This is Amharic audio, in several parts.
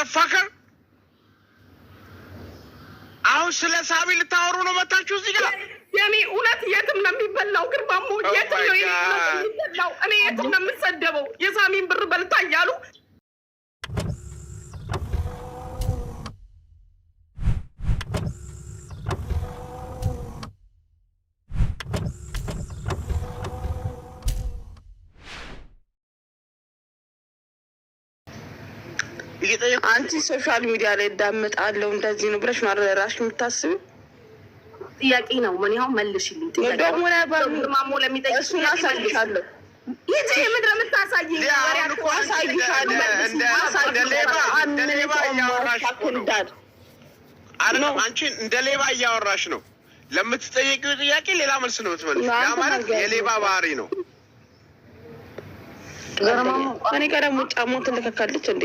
መፋከር አሁን ስለ ሳቢ ልታወሩ ነው መታችሁ እዚህ ጋር። የኔ እውነት የትም ነው የሚበላው? ግርማሞ oh የትም ነው የሚበላው? እኔ የትም ነው የምሰደበው? የሳሚን ብር በልታ እያሉ አንቺ ሶሻል ሚዲያ ላይ እዳምጣለሁ እንደዚህ ነው ብለሽ ማለት ራሽ የምታስብ ጥያቄ ነው። ምን ያው መልሽልኝ። ደግሞ ማሞ ለሚጠይቅ እሱን አሳይሻለሁ። ይህ የምድረ የምታሳይ አሳይሻለሁ። አንቺ እንደ ሌባ እያወራሽ ነው። ለምትጠየቂው ጥያቄ ሌላ መልስ ነው የምትመልሽ። ያ ማለት የሌባ ባህሪ ነው። እኔ ቀደም ጫማውን ትልከካለች እንዴ?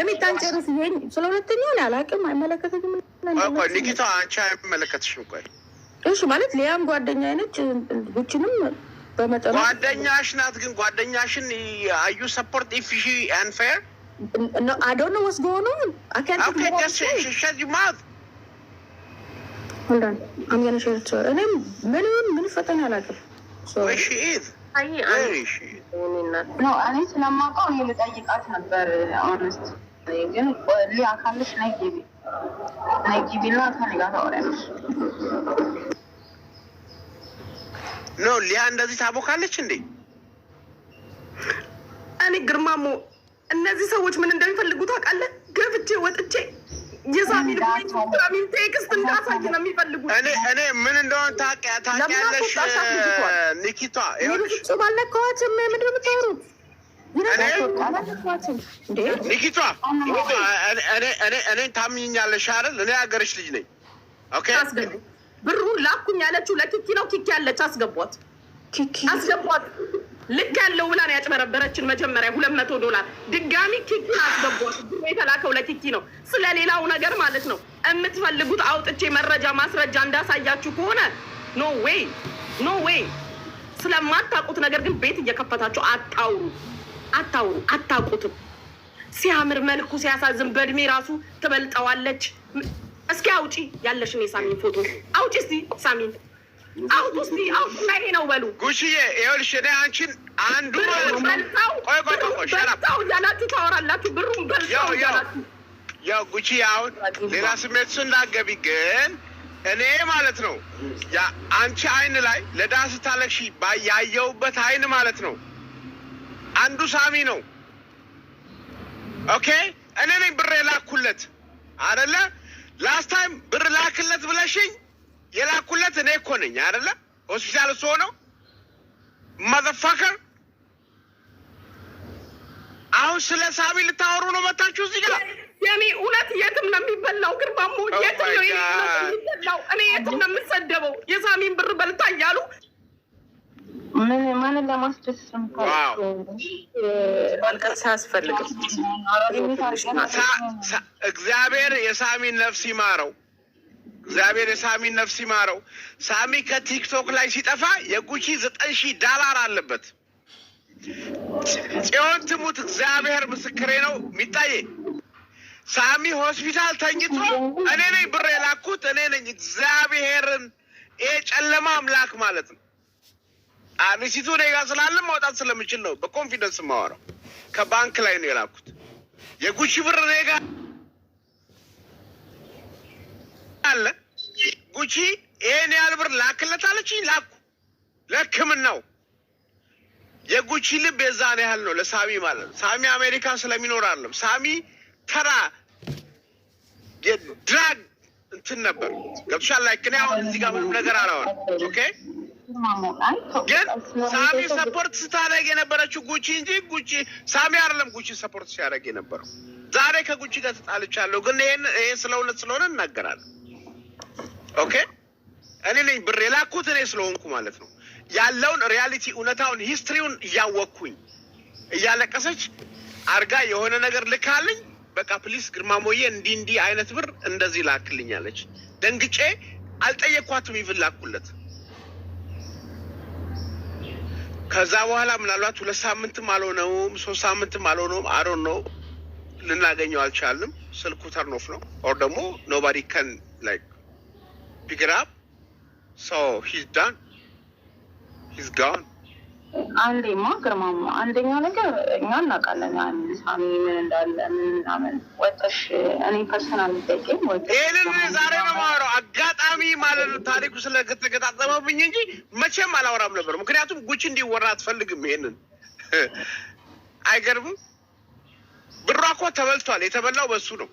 የሚጣን ጨርስ። ስለ ሁለተኛው አላውቅም፣ አይመለከተኝም። ልጅቷ አንቺ አይመለከትሽም። ቆይ እሺ፣ ማለት ሊያም ጓደኛ አይነች ጉችንም በመጠኑ ጓደኛሽ ናት። ግን ጓደኛሽን አዩ ሰፖርት ኢፍ ሺ አንፌር አዶነ ወስዶ ሆኖ እኔም ምንም ምን ፈተና አላውቅም እኔ ስለማውቀው እኔ ልጠይቃት ነበር። ኦነስት ግን ታወሪያለሽ። ኖ ሊያ እንደዚህ ታቦካለች እንዴ? እኔ ግርማሞ እነዚህ ሰዎች ምን እንደሚፈልጉ ታውቃለህ? እኔ ምን እንደሆነ ታውቂያለሽ ኒኪቷ ኒኪቷ እኔን ታምኝኛለሽ አይደል? እኔ ሀገርሽ ልጅ ነኝ። ብሩን ላኩኝ ያለችው ለኪኪ ነው። ኪኪ ያለች አስገቧት፣ አስገቧት ልክ ያለው ብላን ያጭበረበረችን መጀመሪያ ሁለት መቶ ዶላር ድጋሚ ኪኪ አስገቧት። የተላከው ለኪኪ ነው። ስለሌላው ነገር ማለት ነው የምትፈልጉት አውጥቼ መረጃ ማስረጃ እንዳሳያችሁ ከሆነ ኖ ዌይ ኖ ዌይ። ስለማታውቁት ነገር ግን ቤት እየከፈታችሁ አታውሩ፣ አታውሩ፣ አታውቁትም። ሲያምር መልኩ ሲያሳዝን፣ በእድሜ ራሱ ትበልጠዋለች። እስኪ አውጪ ያለሽን የሳሚን ፎቶ አውጪ ሳሚን አውጡ እስኪ አውጡና ይሄ ነው በሉ። ጉሽዬ ይኸውልሽ እኔ አንቺን አንዱ እያላችሁ ታወራላችሁ። ብሩን እያላችሁ ያው አሁን ሌላ ስሜት እሱ ግን እኔ ማለት ነው አንቺ አይን ላይ ለድሀ ስታለቅሺ አይን ማለት ነው አንዱ ሳሚ ነው። ኦኬ እኔ ነኝ ብር የላኩለት አይደለ? ላስት ታይም ብር ላክለት ብለሽኝ የላኩለት እኔ እኮ ነኝ አይደለ? ሆስፒታል እሱ ሆነው መዘፋከር። አሁን ስለ ሳቢ ልታወሩ ነው መታችሁ እዚህ ጋር። የኔ እውነት የትም ነው የሚበላው? ግርማሞ oh የት ነው የሚበላው? እኔ የትም ነው የምሰደበው? የሳሚን ብር በልታ እያሉ ምን ማንን ለማስደሰት ማልቀስ አያስፈልግም። እግዚአብሔር የሳሚን ነፍስ ይማረው። እግዚአብሔር የሳሚን ነፍስ ይማረው። ሳሚ ከቲክቶክ ላይ ሲጠፋ የጉቺ ዘጠኝ ሺህ ዳላር አለበት። ጽዮን ትሙት፣ እግዚአብሔር ምስክሬ ነው። የሚታየ ሳሚ ሆስፒታል ተኝቶ እኔ ነኝ ብር የላኩት እኔ ነኝ። እግዚአብሔርን ይሄ ጨለማ አምላክ ማለት ነው። አንሲቱ እኔ ጋ ማውጣት ስለምችል ነው በኮንፊደንስ ማወራው። ከባንክ ላይ ነው የላኩት የጉቺ ብር እኔ አለ ጉቺ ይሄን ያህል ብር ላክለት አለችኝ። ላኩ ለሕክምናው የጉቺ ልብ የዛን ያህል ነው ለሳሚ ማለት ነው። ሳሚ አሜሪካ ስለሚኖር አለም ሳሚ ተራ የድራግ እንትን ነበር ገብቶሻል። ላይ እኔ አሁን እዚህ ጋር ምንም ነገር አላወራም። ኦኬ ግን ሳሚ ሰፖርት ስታደርግ የነበረችው ጉቺ እንጂ ጉቺ ሳሚ አይደለም። ጉቺ ሰፖርት ሲያደርግ የነበረው ዛሬ ከጉቺ ጋር ተጣልቻለሁ፣ ግን ይሄ ስለ እውነት ስለሆነ እናገራለሁ። ኦኬ እኔ ነኝ ብር የላኩት እኔ ስለሆንኩ ማለት ነው። ያለውን ሪያሊቲ እውነታውን ሂስትሪውን እያወቅኩኝ እያለቀሰች አርጋ የሆነ ነገር ልካልኝ፣ በቃ ፕሊስ ግርማ ሞዬ እንዲህ እንዲህ አይነት ብር እንደዚህ ላክልኛለች። ደንግጬ አልጠየኳትም፣ ይብን ላኩለት። ከዛ በኋላ ምናልባት ሁለት ሳምንትም አልሆነውም ሶስት ሳምንትም አልሆነውም፣ አሮ ነው ልናገኘው አልቻልንም። ስልኩ ተርኖፍ ነው ኦር ደግሞ ኖባዲ ከን ላይክ pick it up. So he's done. He's gone. አንዴማ ግርማማ አንደኛ ነገር እኛ እናውቃለን ሳሚ ምን እንዳለ ምናምን እኔ ፐርሰናል ዛሬ አጋጣሚ ማለት ነው ታሪኩ ስለተገጣጠመብኝ እንጂ መቼም አላወራም ነበር። ምክንያቱም ጉች እንዲወራ አትፈልግም። ይሄንን አይገርምም። ብሯ እኮ ተበልቷል። የተበላው በሱ ነው።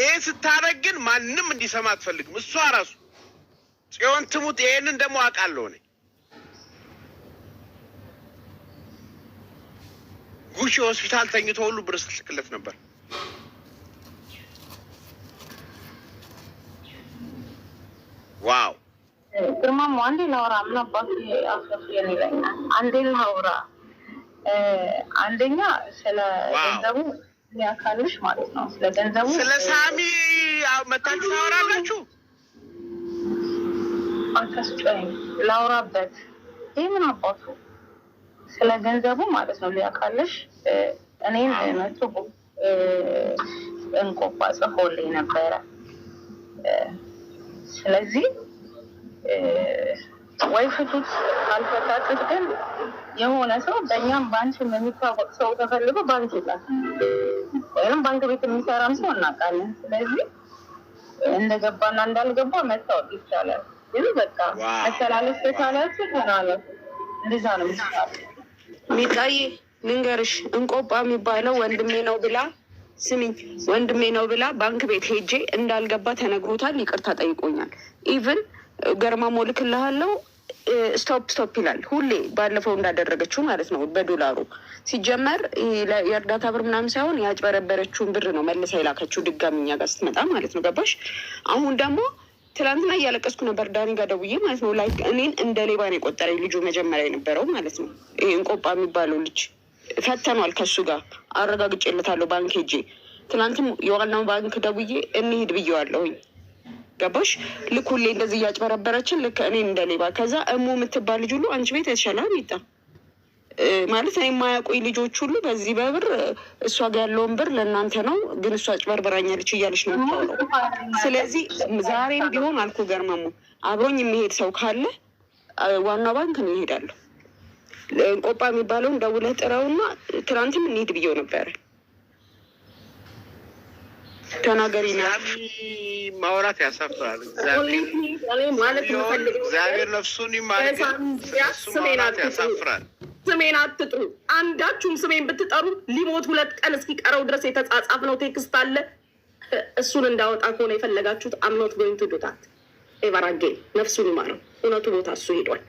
ይህ ስታደርግ ግን ማንም እንዲሰማ አትፈልግም። እሷ ራሱ ጽዮን ትሙት። ይሄንን ደግሞ አውቃለሁ እኔ ጉሽ ሆስፒታል ተኝቶ ሁሉ ብር ስትልክለት ነበር። ዋው ግርማሙ፣ አንዴ ላውራ ምን አባቱ አስከፍለን ይለኛል። አንዴ ላውራ አንደኛ ስለ ገንዘቡ ያካልሽ ማለት ነው። ስለ ገንዘቡ ስለ ሳሚ መታችሁ ታወራላችሁ። አታስጨኝ ላውራበት። ይህ ምን አባቱ ስለ ገንዘቡ ማለት ነው። ሊያካልሽ እኔም መቶ እንቆባ ጽፎልኝ ነበረ። ስለዚህ ወይ ፍቱት፣ ካልፈታችሁት ግን የሆነ ሰው በእኛም በአንቺም የሚታወቅ ሰው ተፈልጎ ባንቺ ይላል ወይም ባንክ ቤት የሚሰራም ሰው እናውቃለን። ስለዚህ እንደገባና እንዳልገባ መታወቅ ይቻላል። ግን በቃ መተላለፍ ተቻላችሁ ተላለፉ። እንደዛ ነው ሚጣይ ልንገርሽ፣ እንቆጳ የሚባለው ወንድሜ ነው ብላ ስሚኝ፣ ወንድሜ ነው ብላ ባንክ ቤት ሄጄ እንዳልገባ ተነግሮታል። ይቅርታ ጠይቆኛል። ኢቭን ገርማ ሞልክልሃለው ስቶፕ ስቶፕ ይላል ሁሌ ባለፈው እንዳደረገችው ማለት ነው። በዶላሩ ሲጀመር የእርዳታ ብር ምናምን ሳይሆን ያጭበረበረችውን ብር ነው መልሳ የላከችው ድጋሚ እኛ ጋር ስትመጣ ማለት ነው። ገባሽ? አሁን ደግሞ ትናንትና እያለቀስኩ ነበር ዳኒ ጋር ደውዬ ማለት ነው። ላይክ እኔን እንደ ሌባ ነው የቆጠረኝ ልጁ መጀመሪያ የነበረው ማለት ነው። ይህ እንቆጳ የሚባለው ልጅ ፈተኗል። ከሱ ጋር አረጋግጬለታለሁ ባንክ ሄጄ ትላንትም የዋናው ባንክ ደውዬ እንሂድ ብዬዋለሁኝ። ገባሽ ልክ ሁሌ እንደዚህ እያጭበረበረችን ልክ እኔ እንደሌባ ከዛ እሙ የምትባል ልጅ ሁሉ አንቺ ቤት የተሻለ ሚጣ ማለት እኔ የማያውቁኝ ልጆች ሁሉ በዚህ በብር እሷ ጋር ያለውን ብር ለእናንተ ነው፣ ግን እሷ አጭበርብራኛለች እያለች ነው የምታውለው። ስለዚህ ዛሬም ቢሆን አልኩ ገርመሙ አብሮኝ የሚሄድ ሰው ካለ ዋና ባንክ ነው ይሄዳለሁ። ቆጳ የሚባለውን ደውለህ ጥረውና ትናንትም እንሄድ ብየው ነበረ ተናገሪ ማውራት ያሳፍራል። እግዚአብሔር ነፍሱን ማውራት ያሳፍራል። ስሜን አትጥሩ። አንዳችሁም ስሜን ብትጠሩ ሊሞት ሁለት ቀን እስኪቀረው ድረስ የተጻጻፍ ነው ቴክስት አለ። እሱን እንዳወጣ ከሆነ የፈለጋችሁት አምኖት ወይም ዱታት ኤቨራጌ ነፍሱን ይማረው። እውነቱ ቦታ እሱ ሄዷል።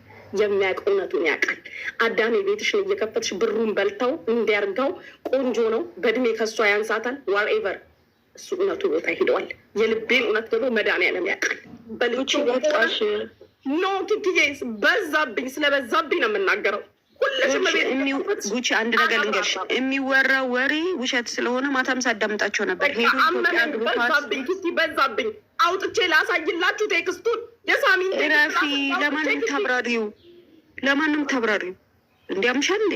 የሚያውቅ እውነቱን ያውቃል። አዳሜ ቤትሽን እየከፈትሽ ብሩን በልተው እንዲያርገው ቆንጆ ነው። በእድሜ ከሷ ያንሳታል ዋር ኤቨር እሱ እውነቱ ቦታ ሂደዋል። የልቤን እውነት ደግሞ መድኃኒዓለም ያውቃል። በልንቺ ወጣሽ ኖ ትትዬ በዛብኝ፣ ስለበዛብኝ ነው የምናገረው። ጉቺ አንድ ነገር ልንገርሽ፣ የሚወራ ወሬ ውሸት ስለሆነ ማታም ሳዳምጣቸው ነበር። በዛብኝ ትቲ በዛብኝ፣ አውጥቼ ላሳይላችሁ ቴክስቱን የሳሚን ረፊ ለማንም ተብራሪው ለማንም ተብራሪው እንዲያምሻል እንዴ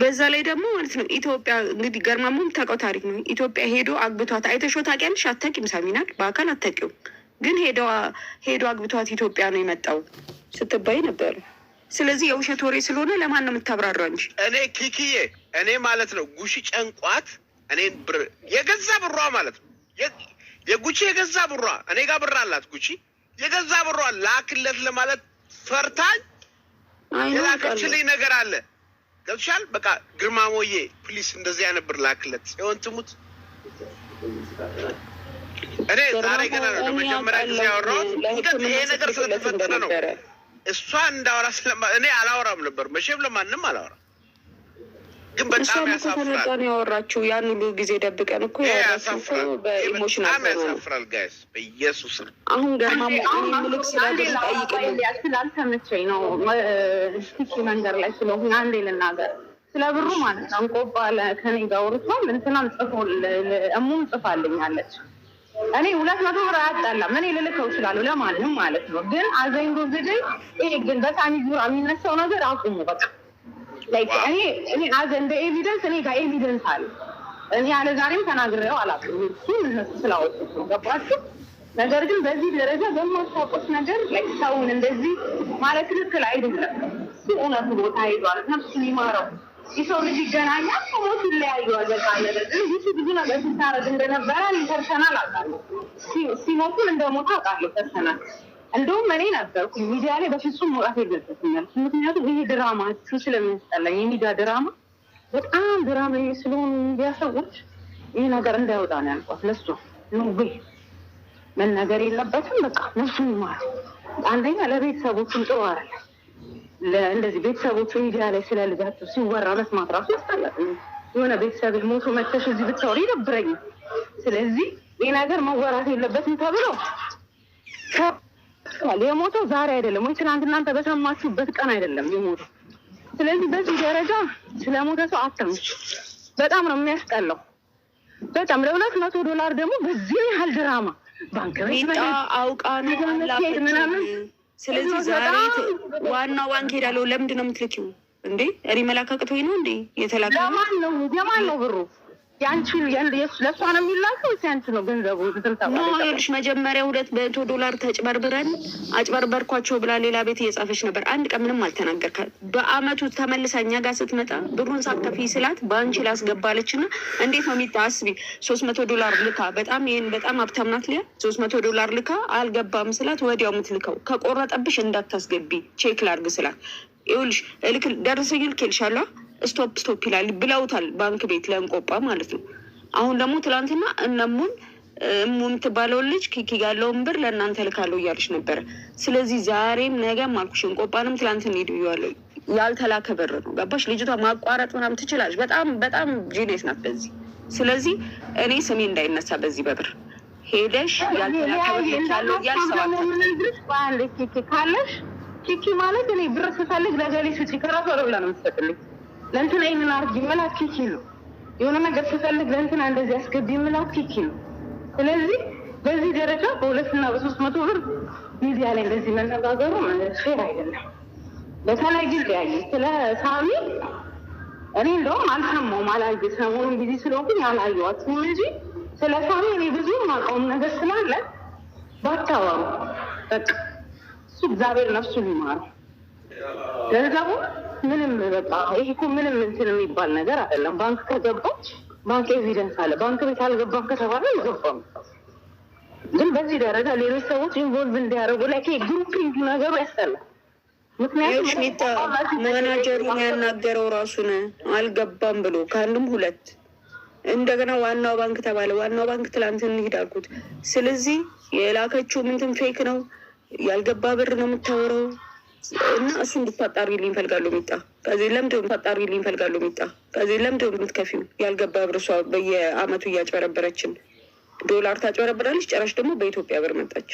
በዛ ላይ ደግሞ ማለት ነው ኢትዮጵያ እንግዲህ ገርማሞ የምታውቀው ታሪክ ነው። ኢትዮጵያ ሄዶ አግብቷት አይተሾ ታውቂያለሽ? አታውቂም። ሳሚናል በአካል አታውቂውም፣ ግን ሄዶ አግብቷት ኢትዮጵያ ነው የመጣው ስትባይ ነበር። ስለዚህ የውሸት ወሬ ስለሆነ ለማን ነው የምታብራራ እንጂ እኔ ኪኪዬ፣ እኔ ማለት ነው ጉሺ ጨንቋት እኔ ብር የገዛ ብሯ ማለት ነው የጉቺ የገዛ ብሯ እኔ ጋር ብር አላት ጉቺ የገዛ ብሯ ላክለት ለማለት ፈርታኝ የላከችልኝ ነገር አለ ገብሻል። በቃ ግርማ ሞዬ ፕሊስ እንደዚህ ያነብር ላክለት ሲሆን ትሙት። እኔ ዛሬ ገና ነው ለመጀመሪያ ጊዜ ያወራሁት። ይሄ ነገር ስለተፈጠረ ነው እሷ እንዳወራ ስለማ እኔ አላወራም ነበር መቼም ለማንም አላወራ ግን በጣም ያሳፍራል። ያወራችሁ ያን ሁሉ ጊዜ ደብቀን እኮ በጣም ያሳፍራል ጋይስ። በኢየሱስ አሁን ገማ ምልክ ስላልተመቸኝ ነው መንገድ ላይ ስለሆነ አንዴ ልናገር ስለ ብሩ ማለት ነው። እንቆባለ ከኔ ጋር ወርቷል። እንትናም ጽፎ እሙም ጽፋልኛለች። እኔ ሁለት መቶ ብር አያጣላም። እኔ ልልከው እችላለሁ ለማንም ማለት ነው። ግን አዘኝ ዝድ ይሄ ግን በሳሚ ዙር የሚነሳው ነገር አቁሙ በቃ እንደ ኤቪደንስ እኔ ጋር ኤቪደንስ አለ። እኔ ያለ ዛሬም ተናግሬው አላውቅም። እሱን እነሱ ስላወጡት ነው። ገባችሁ? ነገር ግን በዚህ ደረጃ በማታውቁት ነገር ሰውን እንደዚህ ማለት ትክክል አይደለም። እውነቱ ቦታ ይዟል። ነፍሱን ይማረው። የሰው ልጅ ይገናኛል፣ ሰዎች ይለያዩ። በቃ ነገር ግን ይቺ ብዙ ነገር ሲታረግ እንደነበረ ፐርሰናል አውቃለሁ። ሲሞቱም እንደ ሞታ አውቃለሁ ፐርሰናል እንደውም እኔ ነበርኩ ሚዲያ ላይ በፍጹም መውጣት የለበትም ያልኩት። ምክንያቱም ይሄ ድራማችሁ ስለሚያስጠላ የሚዲያ ድራማ በጣም ድራማ ስለሆኑ ሚዲያ ሰዎች ይህ ነገር እንዳይወጣ ነው ያልኳት። ለሱ ነው መነገር የለበትም በቃ ነሱ ይማሩ። አንደኛ ለቤተሰቦቹም ጥሩ አለ እንደዚህ ቤተሰቦቹ ሚዲያ ላይ ስለ ልጃቸው ሲወራ መስማት ራሱ ያስጠላል። የሆነ ቤተሰብ ሞቶ መተሽ እዚህ ብታወሪ ይደብረኛል። ስለዚህ ይህ ነገር መወራት የለበትም ተብሎ ይጠይቃል። የሞተው ዛሬ አይደለም ወይ ትናንት እናንተ በሰማችሁበት ቀን አይደለም የሞተው። ስለዚህ በዚህ ደረጃ ስለሞተ ሰው አተምች በጣም ነው የሚያስጠላው። በጣም ለሁለት መቶ ዶላር ደግሞ በዚህ ያህል ድራማ ባንክ ቤት አውቃ ነው ምናምን። ስለዚህ ዛሬ ዋናው ባንክ ሄዳለሁ። ለምንድን ነው የምትልኪው እንዴ? እኔ መላክ አቅቶኝ ነው እንዴ የተላከ? የማን ነው የማን ነው ብሩ? የአንቺ ለእሷ ነው የሚላከው ወይስ ያንቺ ነው ገንዘቡ? ይኸውልሽ መጀመሪያ ሁለት መቶ ዶላር ተጭበርብረን አጭበርበርኳቸው ብላ ሌላ ቤት እየጻፈች ነበር። አንድ ቀን ምንም አልተናገርከ። በአመቱ ተመልሳ እኛ ጋር ስትመጣ ብሩን ሳከፊ ስላት በአንቺ ላስገባለች ና እንዴት ነው የሚታ አስቢ። ሶስት መቶ ዶላር ልካ በጣም ይህን በጣም ሀብታም ናት ሊያ ሶስት መቶ ዶላር ልካ አልገባም ስላት ወዲያው ምትልከው ከቆረጠብሽ እንዳታስገቢ ቼክ ላርግ ስላት ይኸውልሽ እልክ ደረሰኝ ይልሻለ ስቶፕ ስቶፕ ይላል ብለውታል። ባንክ ቤት ለእንቆጳ ማለት ነው። አሁን ደግሞ ትላንትና እነሙን እሙ የምትባለውን ልጅ ኪኪ ያለውን ብር ለእናንተ ልካለሁ እያለች ነበረ። ስለዚህ ዛሬም ነገም አልኩሽ እንቆጳንም ትላንትን እንሄድ ብያለሁ። ያልተላከ ብር ነው ገባሽ? ልጅቷ ማቋረጥ ምናም ትችላለች። በጣም በጣም ጂኔት ናት በዚህ። ስለዚህ እኔ ስሜ እንዳይነሳ በዚህ በብር ሄደሽ ያልተላከ ብር ኪኪ ካለሽ ኪኪ ማለት እኔ ብር ስፈልግ ለገሌ ስጪ ከራሷ ብላ ነው የምትሰጥልኝ ለእንትና ይህንን አድርጊ ምን ይችሉ የሆነ ነገር ስፈልግ ለእንትና እንደዚህ አስገቢ ምን ይችሉ። ስለዚህ በዚህ ደረጃ በሁለትና በሶስት መቶ ብር ሚዲያ ላይ እንደዚህ መነጋገሩ ፌር አይደለም። በተለይ ጊዜ ያየ ስለ ሳሚ እኔ እንደውም አልሰማሁም፣ አላየ ሰሞኑን ጊዜ ስለሆንኩኝ አላየዋትም እንጂ ስለ ሳሚ እኔ ብዙ ማቀውም ነገር ስላለ ባታወሩ በቃ እሱ እግዚአብሔር ነፍሱን ይማረው ገንዘቡ ምንም በቃ ይሄ እኮ ምንም እንትን የሚባል ነገር አይደለም። ባንክ ከገባች ባንክ ኤቪደንስ አለ። ባንክ ቤት አልገባም ከተባለ አይገባም። ግን በዚህ ደረጃ ሌሎች ሰዎች ኢንቮልቭ እንዲያደርጉ ላይ ግሩፒንግ ነገሩ ያስጠላል። ምክንያቱም ማናጀሩን ያናገረው ራሱን አልገባም ብሎ ከአንዱም ሁለት እንደገና ዋናው ባንክ ተባለ። ዋናው ባንክ ትላንት እንሂድ አልኩት። ስለዚህ የላከችው ምንትን ፌክ ነው ያልገባ ብር ነው የምታወራው እና እሱ እንድታጣሪልኝ እፈልጋለሁ። ሚጣ ከዚህ ለምንድን ነው እንድታጣሪልኝ እፈልጋለሁ። ሚጣ ከዚህ ለምንድን ነው የምትከፊው? ያልገባ ብር እሷ በየአመቱ እያጭበረበረችን ዶላር ታጭበረበራለች። ጨራሽ ደግሞ በኢትዮጵያ ብር መጣች።